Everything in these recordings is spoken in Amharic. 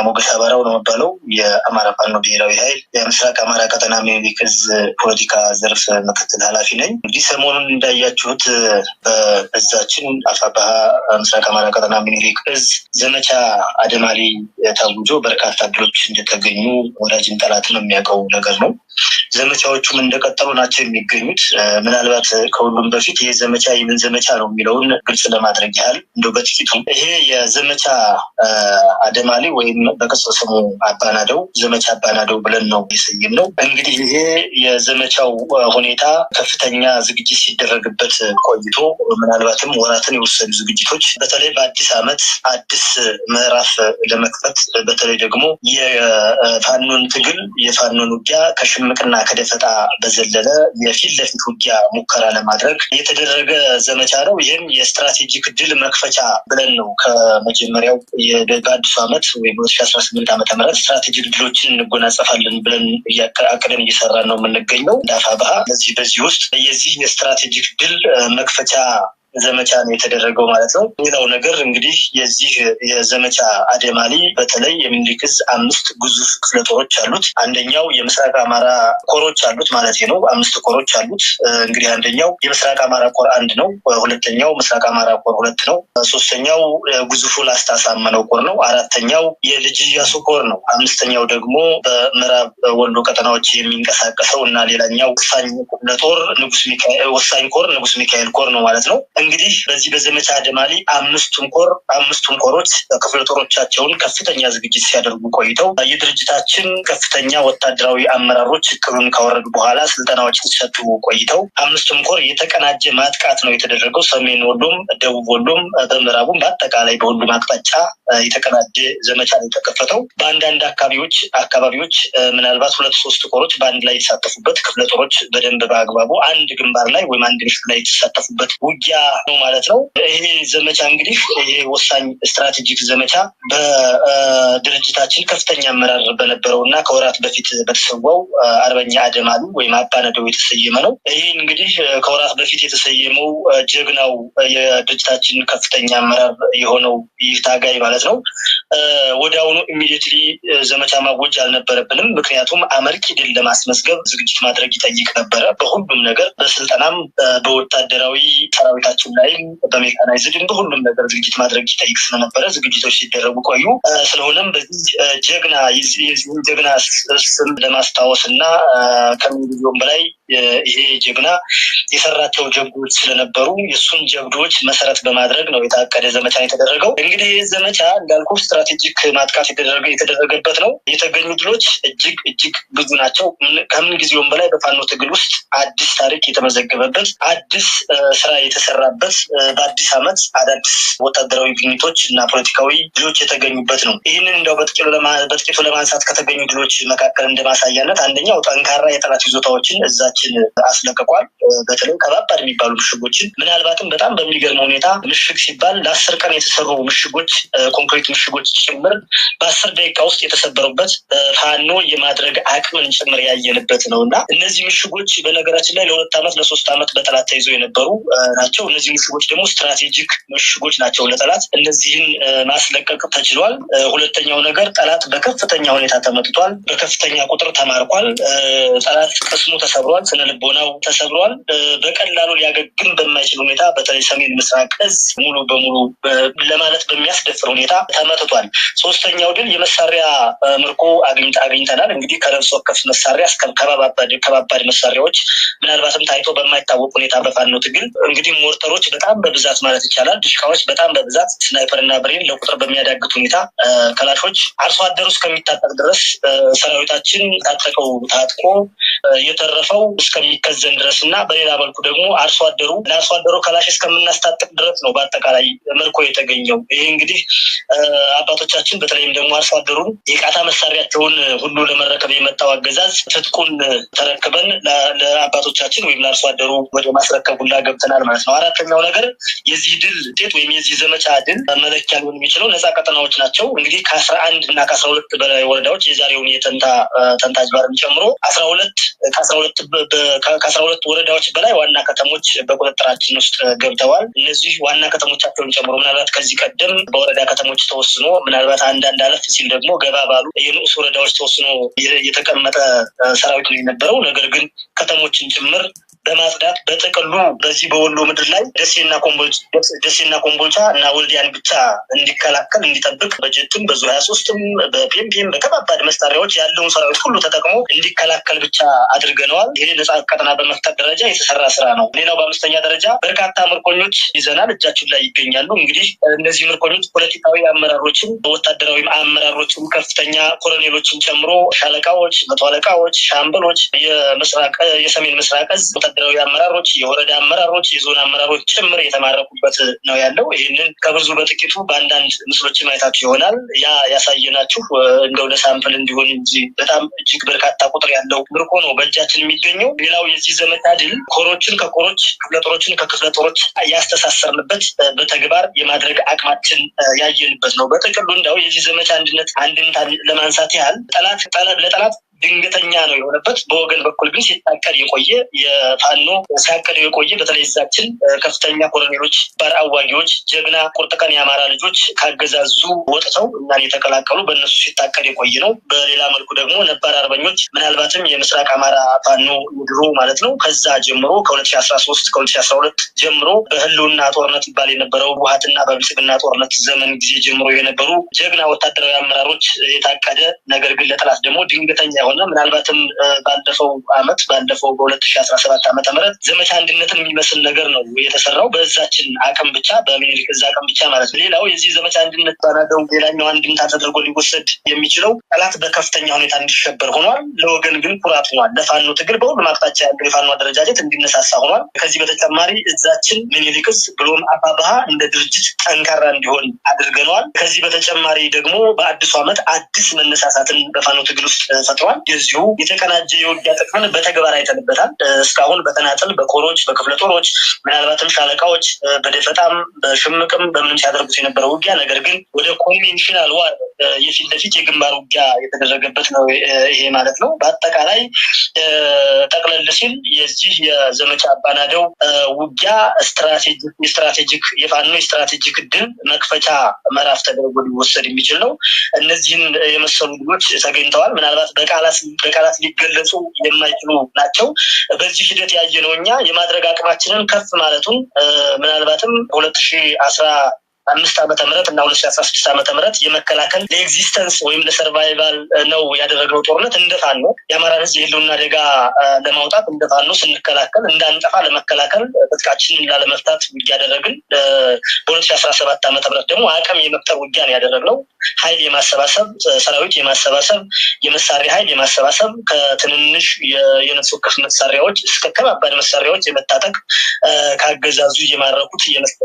አርበኛ ሞገስ አበራው ነው የሚባለው የአማራ ፋኖ ብሔራዊ ኃይል የምስራቅ አማራ ቀጠና ሚኒሊክዝ ፖለቲካ ዘርፍ ምክትል ኃላፊ ነኝ። እንግዲህ ሰሞኑን እንዳያችሁት በእዛችን አፋባሀ ምስራቅ አማራ ቀጠና ሚኒሊክዝ ዘመቻ አደማሪ ታውጆ በርካታ ድሎች እንደተገኙ ወዳጅን ጠላትን የሚያውቀው ነገር ነው። ዘመቻዎቹም እንደቀጠሉ ናቸው የሚገኙት። ምናልባት ከሁሉም በፊት ይሄ ዘመቻ የምን ዘመቻ ነው የሚለውን ግልጽ ለማድረግ ያህል እንደው በጥቂቱ ይሄ የዘመቻ አደማሊ ወይም በቅጽል ስሙ አባናደው ዘመቻ አባናደው ብለን ነው የሰይም ነው። እንግዲህ ይሄ የዘመቻው ሁኔታ ከፍተኛ ዝግጅት ሲደረግበት ቆይቶ ምናልባትም ወራትን የወሰዱ ዝግጅቶች በተለይ በአዲስ ዓመት አዲስ ምዕራፍ ለመክፈት በተለይ ደግሞ የፋኖን ትግል የፋኖን ውጊያ ከሽምቅና ከደፈጣ በዘለለ የፊት ለፊት ውጊያ ሙከራ ለማድረግ የተደረገ ዘመቻ ነው። ይህም የስትራቴጂክ ድል መክፈቻ ብለን ነው ከመጀመሪያው በአዲሱ ዓመት ወይም 2018 ዓ ስምንት ስትራቴጂ ምህረት ድሎችን እንጎናጸፋለን ብለን አቅደን እየሰራን ነው የምንገኘው። እንዳፋ አፋብኃ በዚህ በዚህ ውስጥ የዚህ የስትራቴጂክ ድል መክፈቻ ዘመቻ ነው የተደረገው ማለት ነው። ሌላው ነገር እንግዲህ የዚህ የዘመቻ አደማሊ በተለይ የሚኒልክ አምስት ግዙፍ ክፍለ ጦሮች አሉት። አንደኛው የምስራቅ አማራ ኮሮች አሉት ማለት ነው። አምስት ኮሮች አሉት። እንግዲህ አንደኛው የምስራቅ አማራ ኮር አንድ ነው። ሁለተኛው ምስራቅ አማራ ኮር ሁለት ነው። ሶስተኛው ግዙፉ ላስታ ሳመነው ኮር ነው። አራተኛው የልጅ ያሱ ኮር ነው። አምስተኛው ደግሞ በምዕራብ ወሎ ቀጠናዎች የሚንቀሳቀሰው እና ሌላኛው ወሳኝ ንጉስ ሚካኤል ኮር ንጉስ ሚካኤል ኮር ነው ማለት ነው። እንግዲህ በዚህ በዘመቻ አደማሊ አምስቱም ኮር አምስቱም ኮሮች ክፍለ ጦሮቻቸውን ከፍተኛ ዝግጅት ሲያደርጉ ቆይተው የድርጅታችን ከፍተኛ ወታደራዊ አመራሮች እቅዱን ካወረዱ በኋላ ስልጠናዎች ሲሰጡ ቆይተው አምስቱም ኮር የተቀናጀ ማጥቃት ነው የተደረገው። ሰሜን ወሎም፣ ደቡብ ወሎም፣ በምዕራቡም በአጠቃላይ በሁሉም አቅጣጫ የተቀናጀ ዘመቻ ነው የተከፈተው። በአንዳንድ አካባቢዎች አካባቢዎች ምናልባት ሁለት ሶስት ኮሮች በአንድ ላይ የተሳተፉበት ክፍለ ጦሮች በደንብ በአግባቡ አንድ ግንባር ላይ ወይም አንድ ምሽግ ላይ የተሳተፉበት ውጊያ ነው ማለት ነው። ይሄ ዘመቻ እንግዲህ ይሄ ወሳኝ ስትራቴጂክ ዘመቻ በድርጅታችን ከፍተኛ አመራር በነበረው እና ከወራት በፊት በተሰዋው አርበኛ አደም አሉ ወይም አባነደው የተሰየመ ነው። ይህ እንግዲህ ከወራት በፊት የተሰየመው ጀግናው የድርጅታችን ከፍተኛ አመራር የሆነው ይህ ታጋይ ማለት ነው። ወደ አሁኑ ኢሚዲየትሊ ዘመቻ ማወጅ አልነበረብንም። ምክንያቱም አመርቂ ድል ለማስመዝገብ ዝግጅት ማድረግ ይጠይቅ ነበረ። በሁሉም ነገር በስልጠናም በወታደራዊ ሰራዊታችን ስራዎችም ላይ በሜካናይዝድም በሁሉም ነገር ዝግጅት ማድረግ ይጠይቅ ስለነበረ ዝግጅቶች ሲደረጉ ቆዩ። ስለሆነም በዚህ ጀግና የዚህን ጀግና ስም ለማስታወስ እና ከምንጊዜውም በላይ ይሄ ጀግና የሰራቸው ጀብዶች ስለነበሩ የእሱን ጀብዶች መሰረት በማድረግ ነው የታቀደ ዘመቻ የተደረገው። እንግዲህ ይህ ዘመቻ እንዳልኩ ስትራቴጂክ ማጥቃት የተደረገበት ነው። የተገኙ ድሎች እጅግ እጅግ ብዙ ናቸው። ከምን ጊዜውም በላይ በፋኖ ትግል ውስጥ አዲስ ታሪክ የተመዘገበበት፣ አዲስ ስራ የተሰራበት፣ በአዲስ ዓመት አዳዲስ ወታደራዊ ግኝቶች እና ፖለቲካዊ ድሎች የተገኙበት ነው። ይህንን እንደው በጥቂቱ ለማንሳት ከተገኙ ድሎች መካከል እንደማሳያነት አንደኛው ጠንካራ የጠላት ይዞታዎችን እዛ ሀገራችን አስለቅቋል። በተለይ ከባባድ የሚባሉ ምሽጎችን ምናልባትም በጣም በሚገርም ሁኔታ ምሽግ ሲባል ለአስር ቀን የተሰሩ ምሽጎች፣ ኮንክሪት ምሽጎች ጭምር በአስር ደቂቃ ውስጥ የተሰበሩበት ፋኖ የማድረግ አቅምን ጭምር ያየንበት ነው እና እነዚህ ምሽጎች በነገራችን ላይ ለሁለት ዓመት ለሶስት ዓመት በጠላት ተይዘው የነበሩ ናቸው። እነዚህ ምሽጎች ደግሞ ስትራቴጂክ ምሽጎች ናቸው ለጠላት። እነዚህን ማስለቀቅ ተችሏል። ሁለተኛው ነገር ጠላት በከፍተኛ ሁኔታ ተመትቷል። በከፍተኛ ቁጥር ተማርኳል። ጠላት ቅስሙ ተሰብሯል። ስነ ልቦናው ተሰብሯል። በቀላሉ ሊያገግም በማይችል ሁኔታ በተለይ ሰሜን ምስራቅ እዝ ሙሉ በሙሉ ለማለት በሚያስደፍር ሁኔታ ተመትቷል። ሶስተኛው ድል የመሳሪያ ምርኮ አግኝተናል። እንግዲህ ከነፍስ ወከፍ መሳሪያ ከባባድ መሳሪያዎች ምናልባትም ታይቶ በማይታወቅ ሁኔታ በፋኖ ትግል እንግዲህ ሞርተሮች በጣም በብዛት ማለት ይቻላል፣ ድሽካዎች በጣም በብዛት ስናይፐር ብሬን ለቁጥር በሚያዳግት ሁኔታ ከላሾች አርሶ አደሩ እስከሚታጠቅ ድረስ ሰራዊታችን ታጠቀው ታጥቆ የተረፈው እስከሚከዘን ድረስ እና በሌላ መልኩ ደግሞ አርሶ አደሩ ለአርሶ አደሩ ከላሽ እስከምናስታጥቅ ድረስ ነው በአጠቃላይ መልኮ የተገኘው። ይህ እንግዲህ አባቶቻችን በተለይም ደግሞ አርሶ አደሩን የቃታ መሳሪያቸውን ሁሉ ለመረከብ የመጣው አገዛዝ ትጥቁን ተረክበን ለአባቶቻችን ወይም ለአርሶ አደሩ ወደ ማስረከቡላ ገብተናል ማለት ነው። አራተኛው ነገር የዚህ ድል ውጤት ወይም የዚህ ዘመቻ ድል መለኪያ ሊሆን የሚችለው ነፃ ቀጠናዎች ናቸው። እንግዲህ ከአስራ አንድ እና ከአስራ ሁለት በላይ ወረዳዎች የዛሬውን የተንታ ተንታጅባርን ጨምሮ አስራ ሁለት ከአስራ ሁለት ከአስራ ሁለት ወረዳዎች በላይ ዋና ከተሞች በቁጥጥራችን ውስጥ ገብተዋል። እነዚህ ዋና ከተሞቻቸውን ጨምሮ ምናልባት ከዚህ ቀደም በወረዳ ከተሞች ተወስኖ ምናልባት አንዳንድ አለፍ ሲል ደግሞ ገባ ባሉ የንዑስ ወረዳዎች ተወስኖ የተቀመጠ ሰራዊት ነው የነበረው። ነገር ግን ከተሞችን ጭምር በማጽዳት በጥቅሉ በዚህ በወሎ ምድር ላይ ደሴና ኮምቦልቻ እና ወልዲያን ብቻ እንዲከላከል እንዲጠብቅ በጀትም በዙ ሀያ ሶስትም በፒምፒም በከባባድ መሳሪያዎች ያለውን ሰራዊት ሁሉ ተጠቅሞ እንዲከላከል ብቻ አድርገነዋል። ይህ ነጻ ቀጠና በመፍጠር ደረጃ የተሰራ ስራ ነው። ሌላው በአምስተኛ ደረጃ በርካታ ምርኮኞች ይዘናል፣ እጃችን ላይ ይገኛሉ። እንግዲህ እነዚህ ምርኮኞች ፖለቲካዊ አመራሮችን፣ ወታደራዊ አመራሮችም ከፍተኛ ኮሎኔሎችን ጨምሮ ሻለቃዎች፣ መቶ አለቃዎች፣ ሻምበሎች፣ የሰሜን ምስራቅ እዝ ወታደራዊ አመራሮች፣ የወረዳ አመራሮች፣ የዞን አመራሮች ጭምር የተማረኩበት ነው ያለው። ይህንን ከብዙ በጥቂቱ በአንዳንድ ምስሎች ማየታችሁ ይሆናል። ያ ያሳየናችሁ እንደው ለሳምፕል እንዲሆን እንጂ በጣም እጅግ በርካታ ቁጥር ያለው ምርኮ ነው በእጃችን የሚገኘው። ሌላው የዚህ ዘመቻ ድል ኮሮችን ከኮሮች ክፍለጦሮችን ከክፍለጦሮች ያስተሳሰርንበት በተግባር የማድረግ አቅማችን ያየንበት ነው። በጥቅሉ እንደው የዚህ ዘመቻ አንድነት አንድነት ለማንሳት ያህል ጠላት ለጠላት ድንገተኛ ነው የሆነበት። በወገን በኩል ግን ሲታቀድ የቆየ የፋኖ ሲያቀድ የቆየ በተለይ ዛችን ከፍተኛ ኮሎኔሎች፣ ባር አዋጊዎች፣ ጀግና ቁርጥቀን የአማራ ልጆች ካገዛዙ ወጥተው እና የተቀላቀሉ በእነሱ ሲታቀድ የቆየ ነው። በሌላ መልኩ ደግሞ ነባር አርበኞች ምናልባትም የምስራቅ አማራ ፋኖ ድሮ ማለት ነው ከዛ ጀምሮ ከ 2013 ከ2012 ጀምሮ በህልውና ጦርነት ይባል የነበረው ውሃትና በብልጽግና ጦርነት ዘመን ጊዜ ጀምሮ የነበሩ ጀግና ወታደራዊ አመራሮች የታቀደ ነገር ግን ለጠላት ደግሞ ድንገተኛ የሆነ ከሆነ ምናልባትም ባለፈው አመት ባለፈው በሁለት ሺ አስራ ሰባት አመተ ምህረት ዘመቻ አንድነትን የሚመስል ነገር ነው የተሰራው በዛችን አቅም ብቻ በሚኒሊክ እዛ አቅም ብቻ ማለት ነው። ሌላው የዚህ ዘመቻ አንድነት ባናደው ሌላኛው አንድምታ ተደርጎ ሊወሰድ የሚችለው ጠላት በከፍተኛ ሁኔታ እንዲሸበር ሆኗል። ለወገን ግን ኩራት ሆኗል። ለፋኖ ትግል በሁሉም አቅጣጫ ያለው የፋኖ አደረጃጀት እንዲነሳሳ ሆኗል። ከዚህ በተጨማሪ እዛችን ሚኒሊክስ ብሎም አፋብኃ እንደ ድርጅት ጠንካራ እንዲሆን አድርገነዋል። ከዚህ በተጨማሪ ደግሞ በአዲሱ ዓመት አዲስ መነሳሳትን በፋኖ ትግል ውስጥ ፈጥሯል። እንደዚሁ የተቀናጀ የውጊያ ጥቅምን በተግባር አይተንበታል። እስካሁን በተናጥል በኮሮች፣ በክፍለ ጦሮች፣ ምናልባትም ሻለቃዎች በደፈጣም በሽምቅም በምንም ሲያደርጉት የነበረ ውጊያ ነገር ግን ወደ ኮንቬንሽናል ዋር የፊት ለፊት የግንባር ውጊያ የተደረገበት ነው ይሄ ማለት ነው። በአጠቃላይ ጠቅለል ሲል የዚህ የዘመቻ አባናደው ውጊያ ስትራቴጂክ የፋኖ ስትራቴጂክ ድል መክፈቻ ምዕራፍ ተደርጎ ሊወሰድ የሚችል ነው። እነዚህን የመሰሉ ድሎች ተገኝተዋል። ምናልባት በቃል በቃላት ሊገለጹ የማይችሉ ናቸው። በዚህ ሂደት ያየነው እኛ የማድረግ አቅማችንን ከፍ ማለቱን ምናልባትም ሁለት ሺ አስራ አምስት ዓመተ ምህረት እና ሁለት ሺ አስራ ስድስት ዓመተ ምህረት የመከላከል ለኤግዚስተንስ ወይም ለሰርቫይቫል ነው ያደረገው ጦርነት እንደ ነው የአማራ ህዝብ የህልውና አደጋ ለማውጣት እንደ ነው ስንከላከል እንዳንጠፋ ለመከላከል ትጥቃችንን ላለመፍታት ውጊያ ያደረግን። በሁለት ሺ አስራ ሰባት ዓመተ ምህረት ደግሞ አቅም የመፍጠር ውጊያ ነው ያደረግነው። ሀይል የማሰባሰብ ሰራዊት የማሰባሰብ የመሳሪያ ሀይል የማሰባሰብ ከትንንሽ የነፍስ ወከፍ መሳሪያዎች እስከ ከባባድ መሳሪያዎች የመታጠቅ ከአገዛዙ የማረኩት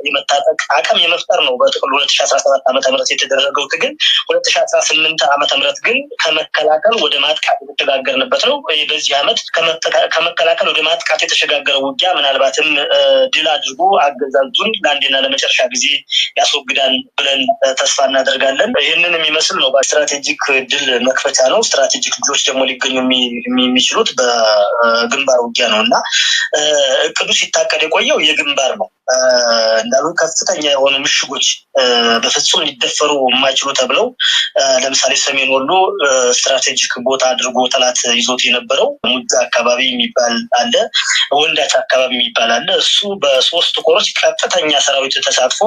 የመታጠቅ አቅም የመፍጠር ነው ነው በጥቅሉ ሁለት ሺ አስራ ሰባት ዓመተ ምህረት የተደረገው ትግል። ሁለት ሺ አስራ ስምንት ዓመተ ምህረት ግን ከመከላከል ወደ ማጥቃት የተሸጋገርንበት ነው። በዚህ ዓመት ከመከላከል ወደ ማጥቃት የተሸጋገረው ውጊያ ምናልባትም ድል አድርጎ አገዛዙን ለአንዴና ለመጨረሻ ጊዜ ያስወግዳል ብለን ተስፋ እናደርጋለን። ይህንን የሚመስል ነው ስትራቴጂክ ድል መክፈቻ ነው። ስትራቴጂክ ድሎች ደግሞ ሊገኙ የሚችሉት በግንባር ውጊያ ነው እና እቅዱ ሲታቀድ የቆየው የግንባር ነው። እንዳሉ ከፍተኛ የሆኑ ምሽጎች በፍጹም ሊደፈሩ የማይችሉ ተብለው ለምሳሌ ሰሜን ወሎ ስትራቴጂክ ቦታ አድርጎ ጠላት ይዞት የነበረው ሙጃ አካባቢ የሚባል አለ፣ ወንዳች አካባቢ የሚባል አለ። እሱ በሶስት ኮሮች ቀጥተኛ ሰራዊት ተሳትፎ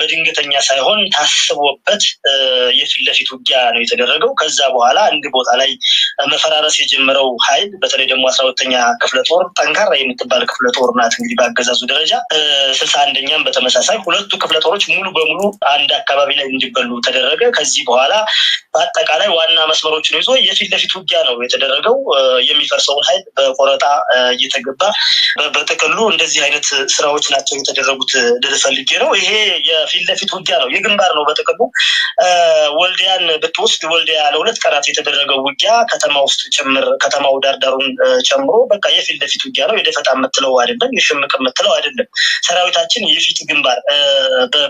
በድንገተኛ ሳይሆን ታስቦበት የፊት ለፊት ውጊያ ነው የተደረገው። ከዛ በኋላ አንድ ቦታ ላይ መፈራረስ የጀመረው ኃይል በተለይ ደግሞ አስራ ሁለተኛ ክፍለ ጦር ጠንካራ የምትባል ክፍለ ጦር ናት እንግዲህ በአገዛዙ ደረጃ ስልሳ አንደኛም በተመሳሳይ ሁለቱ ክፍለ ጦሮች ሙሉ በሙሉ አንድ አካባቢ ላይ እንዲበሉ ተደረገ። ከዚህ በኋላ በአጠቃላይ ዋና መስመሮችን ይዞ የፊት ለፊት ውጊያ ነው የተደረገው። የሚፈርሰውን ኃይል በቆረጣ እየተገባ በጥቅሉ እንደዚህ አይነት ስራዎች ናቸው የተደረጉት ልል ነው። ይሄ የፊት ለፊት ውጊያ ነው፣ የግንባር ነው። በጥቅሉ ወልዲያን ብትወስድ ወልዲያ ለሁለት ቀናት የተደረገው ውጊያ ከተማ ውስጥ ጭምር ከተማው ዳርዳሩን ጨምሮ በቃ የፊት ለፊት ውጊያ ነው። የደፈጣ የምትለው አይደለም፣ የሽምቅ የምትለው አይደለም። ሰራዊታችን የፊት ግንባር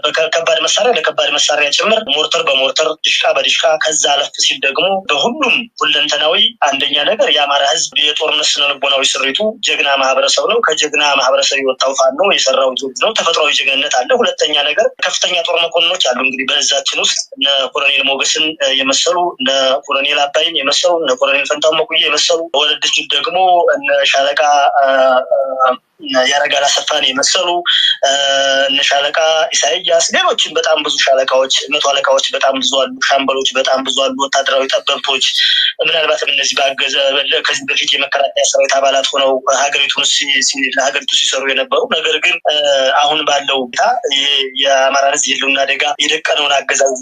በከባድ ከባድ መሳሪያ ለከባድ መሳሪያ ጭምር ሞርተር በሞርተር ድሽቃ በድሽቃ ከዛ አለፍ ሲል ደግሞ በሁሉም ሁለንተናዊ አንደኛ ነገር የአማራ ህዝብ የጦርነት ስነልቦናዊ ስሪቱ ጀግና ማህበረሰብ ነው። ከጀግና ማህበረሰብ የወጣው ፋኖ የሰራው ጆብ ነው። ተፈጥሯዊ ጀግንነት አለ። ሁለተኛ ነገር ከፍተኛ ጦር መኮንኖች አሉ። እንግዲህ በዛችን ውስጥ እነ ኮሎኔል ሞገስን የመሰሉ እነ ኮሎኔል አባይን የመሰሉ እነ ኮሎኔል ፈንታው መኩዬ የመሰሉ በወለደች ደግሞ እነ ሻለቃ ያረጋል አሰፋን የመሰሉ እነ ሻለቃ ኢሳያስ፣ ሌሎችን በጣም ብዙ ሻለቃዎች፣ መቶ አለቃዎች በጣም ብዙ አሉ፣ ሻምበሎች በጣም ብዙ አሉ፣ ወታደራዊ ጠበብቶች ምናልባትም እነዚህ በገዘ ከዚህ በፊት የመከላከያ ሰራዊት አባላት ሆነው ሀገሪቱን ለሀገሪቱ ሲሰሩ የነበሩ ነገር ግን አሁን ባለው ሁኔታ የአማራ ሕዝብ የህልውና አደጋ የደቀነውን አገዛዝ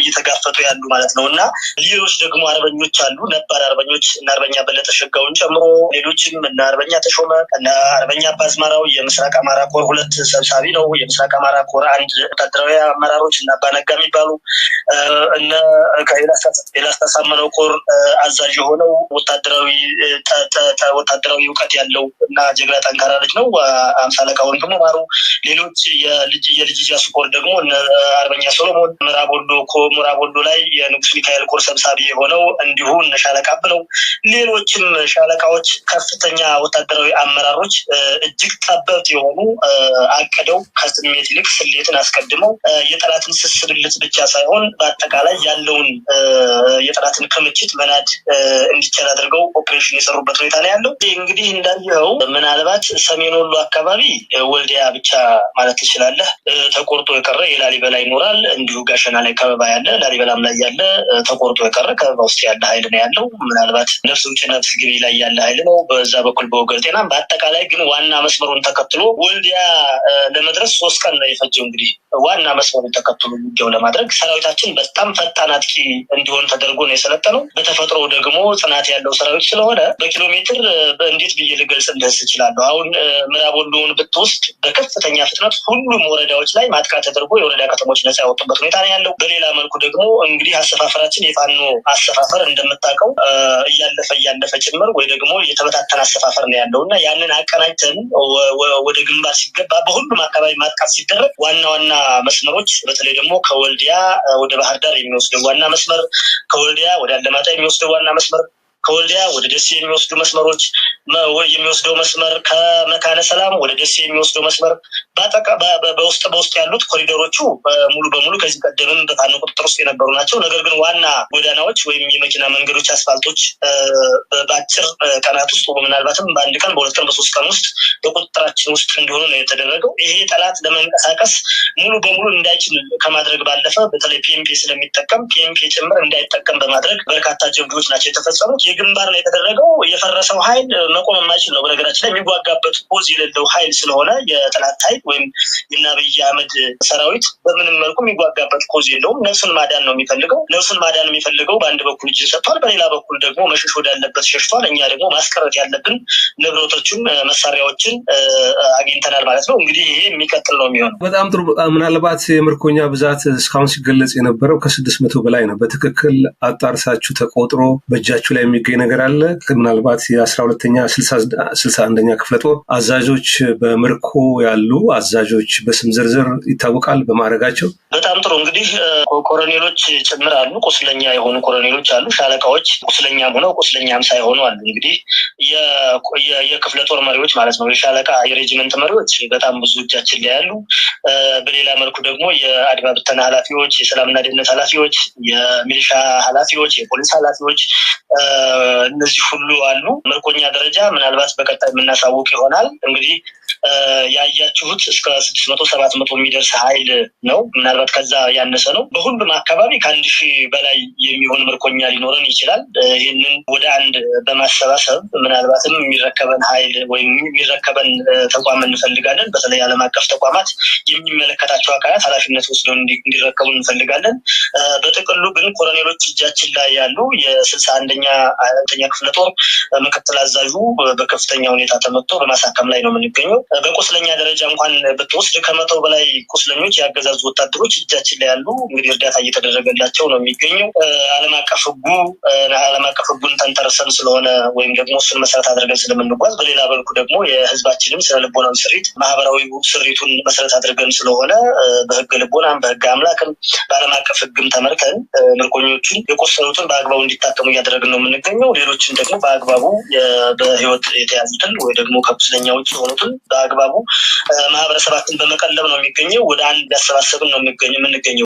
እየተጋፈጡ ያሉ ማለት ነው እና ሌሎች ደግሞ አርበኞች አሉ ነባር አርበኞች እና አርበኛ በለጠ ሸጋውን ጨምሮ ሌሎችም እና አርበኛ ተሾመ እና አርበኛ አባ ማራው የምስራቅ አማራ ኮር ሁለት ሰብሳቢ ነው። የምስራቅ አማራ ኮር አንድ ወታደራዊ አመራሮች እና አባነጋ የሚባሉ እነ ላስታሳመነው ኮር አዛዥ የሆነው ወታደራዊ ወታደራዊ እውቀት ያለው እና ጀግና ጠንካራ ልጅ ነው። አምሳ አለቃ ወንድሙ ማሩ፣ ሌሎች የልጅ ኢያሱ ኮር ደግሞ አርበኛ ሶሎሞን ምዕራብ ወሎ ምዕራብ ወሎ ላይ የንጉስ ሚካኤል ኮር ሰብሳቢ የሆነው እንዲሁ እነ ሻለቃ ብለው ሌሎችም ሻለቃዎች ከፍተኛ ወታደራዊ አመራሮች እጅግ ጠበብት የሆኑ አቅደው ከስሜት ይልቅ ስሌትን አስቀድመው የጠላትን ስስብልት ብቻ ሳይሆን በአጠቃላይ ያለውን የጠላትን ክምችት መናድ እንዲቻል አድርገው ኦፕሬሽን የሰሩበት ሁኔታ ነው ያለው። እንግዲህ እንዳየኸው ምናልባት ሰሜን ወሎ አካባቢ ወልዲያ ብቻ ማለት ትችላለህ ተቆርጦ የቀረ የላሊበላ ይኖራል። እንዲሁ ጋሸና ላይ ከበባ ያለ ላሊበላም ላይ ያለ ተቆርጦ የቀረ ከበባ ውስጥ ያለ ኃይል ነው ያለው። ምናልባት ነፍስ ውጭ ነፍስ ግቢ ላይ ያለ ኃይል ነው በዛ በኩል በወገል ጤናም በአጠቃላይ ግን ዋና መስመሩን ተከትሎ ወልዲያ ለመድረስ ሶስት ቀን ነው የፈጀው እንግዲህ ዋና መስመሩን ተከትሎ ውጊያው ለማድረግ ሰራዊታችን በጣም ፈጣን አጥቂ እንዲሆን ተደርጎ ነው የሰለጠነው። በተፈጥሮ ደግሞ ጽናት ያለው ሰራዊት ስለሆነ በኪሎ ሜትር እንዴት ብዬ ልገልጽ እንደስ እችላለሁ። አሁን ምዕራብ ወሎውን ብትወስድ በከፍተኛ ፍጥነት ሁሉም ወረዳዎች ላይ ማጥቃት ተደርጎ የወረዳ ከተሞች ነጻ ያወጡበት ሁኔታ ነው ያለው። በሌላ መልኩ ደግሞ እንግዲህ አሰፋፈራችን የፋኖ አሰፋፈር እንደምታውቀው እያለፈ እያለፈ ጭምር ወይ ደግሞ የተበታተነ አሰፋፈር ነው ያለው እና ያንን አቀናጅተን ወደ ግንባር ሲገባ በሁሉም አካባቢ ማጥቃት ሲደረግ ዋና ዋና መስመሮች በተለይ ደግሞ ከወልዲያ ወደ ባህር ዳር የሚወስደው ዋና መስመር፣ ከወልዲያ ወደ አለማጣ የሚወስደው ዋና መስመር፣ ከወልዲያ ወደ ደሴ የሚወስዱ መስመሮች የሚወስደው መስመር፣ ከመካነ ሰላም ወደ ደሴ የሚወስደው መስመር፣ በውስጥ በውስጥ ያሉት ኮሪደሮቹ ሙሉ በሙሉ ከዚህ ቀደምም በፋኖ ቁጥጥር ውስጥ የነበሩ ናቸው። ነገር ግን ዋና ጎዳናዎች ወይም የመኪና መንገዶች፣ አስፋልቶች በአጭር ቀናት ውስጥ ምናልባትም በአንድ ቀን፣ በሁለት ቀን፣ በሶስት ቀን ውስጥ በቁጥጥራችን ውስጥ እንዲሆኑ ነው የተደረገው። ይሄ ጠላት ለመንቀሳቀስ ሙሉ በሙሉ እንዳይችል ከማድረግ ባለፈ በተለይ ፒኤምፒ ስለሚጠቀም ፒኤምፒ ጭምር እንዳይጠቀም በማድረግ በርካታ ጀብዶች ናቸው የተፈጸሙት። የግንባር ላይ የተደረገው የፈረሰው ኃይል መቆም የማይችል ነው። በነገራችን ላይ የሚዋጋበት ፖዝ የሌለው ኃይል ስለሆነ የጠላት ኃይል ወይም የናብይ አህመድ ሰራዊት በምንም መልኩ የሚጓጋበት ኮዝ የለውም። ነፍሱን ማዳን ነው የሚፈልገው። ነፍሱን ማዳን የሚፈልገው በአንድ በኩል እጅ ሰጥቷል፣ በሌላ በኩል ደግሞ መሸሽ ወዳለበት ሸሽቷል። እኛ ደግሞ ማስቀረት ያለብን ንብረቶችን፣ መሳሪያዎችን አግኝተናል ማለት ነው። እንግዲህ ይሄ የሚቀጥል ነው የሚሆነው። በጣም ጥሩ። ምናልባት የምርኮኛ ብዛት እስካሁን ሲገለጽ የነበረው ከስድስት መቶ በላይ ነው። በትክክል አጣርሳችሁ ተቆጥሮ በእጃችሁ ላይ የሚገኝ ነገር አለ? ምናልባት የአስራ ሁለተኛ ስልሳ አንደኛ ክፍለ ጦር አዛዦች በምርኮ ያሉ አዛዦች በስም ዝርዝር ይታወቃል በማድረጋቸው። በጣም ጥሩ እንግዲህ ኮረኔሎች ጭምር አሉ፣ ቁስለኛ የሆኑ ኮረኔሎች አሉ፣ ሻለቃዎች ቁስለኛም ሆነው ቁስለኛም ሳይሆኑ አሉ። እንግዲህ የክፍለ ጦር መሪዎች ማለት ነው፣ የሻለቃ የሬጅመንት መሪዎች በጣም ብዙ እጃችን ላይ ያሉ፣ በሌላ መልኩ ደግሞ የአድማ ብተና ኃላፊዎች፣ የሰላምና ደህንነት ኃላፊዎች፣ የሚሊሻ ኃላፊዎች፣ የፖሊስ ኃላፊዎች እነዚህ ሁሉ አሉ። ምርኮኛ ደረጃ ምናልባት በቀጣይ የምናሳውቅ ይሆናል እንግዲህ ያያችሁት እስከ ስድስት መቶ ሰባት መቶ የሚደርስ ኃይል ነው። ምናልባት ከዛ ያነሰ ነው። በሁሉም አካባቢ ከአንድ ሺህ በላይ የሚሆን ምርኮኛ ሊኖረን ይችላል። ይህንን ወደ አንድ በማሰባሰብ ምናልባትም የሚረከበን ኃይል ወይም የሚረከበን ተቋም እንፈልጋለን። በተለይ ዓለም አቀፍ ተቋማት የሚመለከታቸው አካላት ኃላፊነት ወስደው እንዲረከቡ እንፈልጋለን። በጥቅሉ ግን ኮሎኔሎች እጃችን ላይ ያሉ የስልሳ አንደኛ ተኛ ክፍለ ጦር ምክትል አዛዡ በከፍተኛ ሁኔታ ተመቶ በማሳከም ላይ ነው የምንገኘው። በቁስለኛ ደረጃ እንኳን ብትወስድ ከመቶ በላይ ቁስለኞች የአገዛዙ ወታደሮች እጃችን ላይ ያሉ እንግዲህ እርዳታ እየተደረገላቸው ነው የሚገኘው። አለም አቀፍ ህጉ አለም አቀፍ ህጉን ተንተርሰን ስለሆነ ወይም ደግሞ እሱን መሰረት አድርገን ስለምንጓዝ፣ በሌላ በልኩ ደግሞ የህዝባችንም ስነ ልቦናዊ ስሪት ማህበራዊ ስሪቱን መሰረት አድርገን ስለሆነ በህገ ልቦናም በህግ አምላክም በአለም አቀፍ ህግም ተመርተን ምርኮኞቹን የቆሰሉትን በአግባቡ እንዲታከሙ እያደረግን ነው የምንገኘው። ሌሎችን ደግሞ በአግባቡ በህይወት የተያዙትን ወይ ደግሞ ከቁስለኛ ውጭ የሆኑትን በአግባቡ ማህበረሰባትን በመቀለብ ነው የሚገኘው። ወደ አንድ ሊያሰባሰብን ነው የምንገኘው።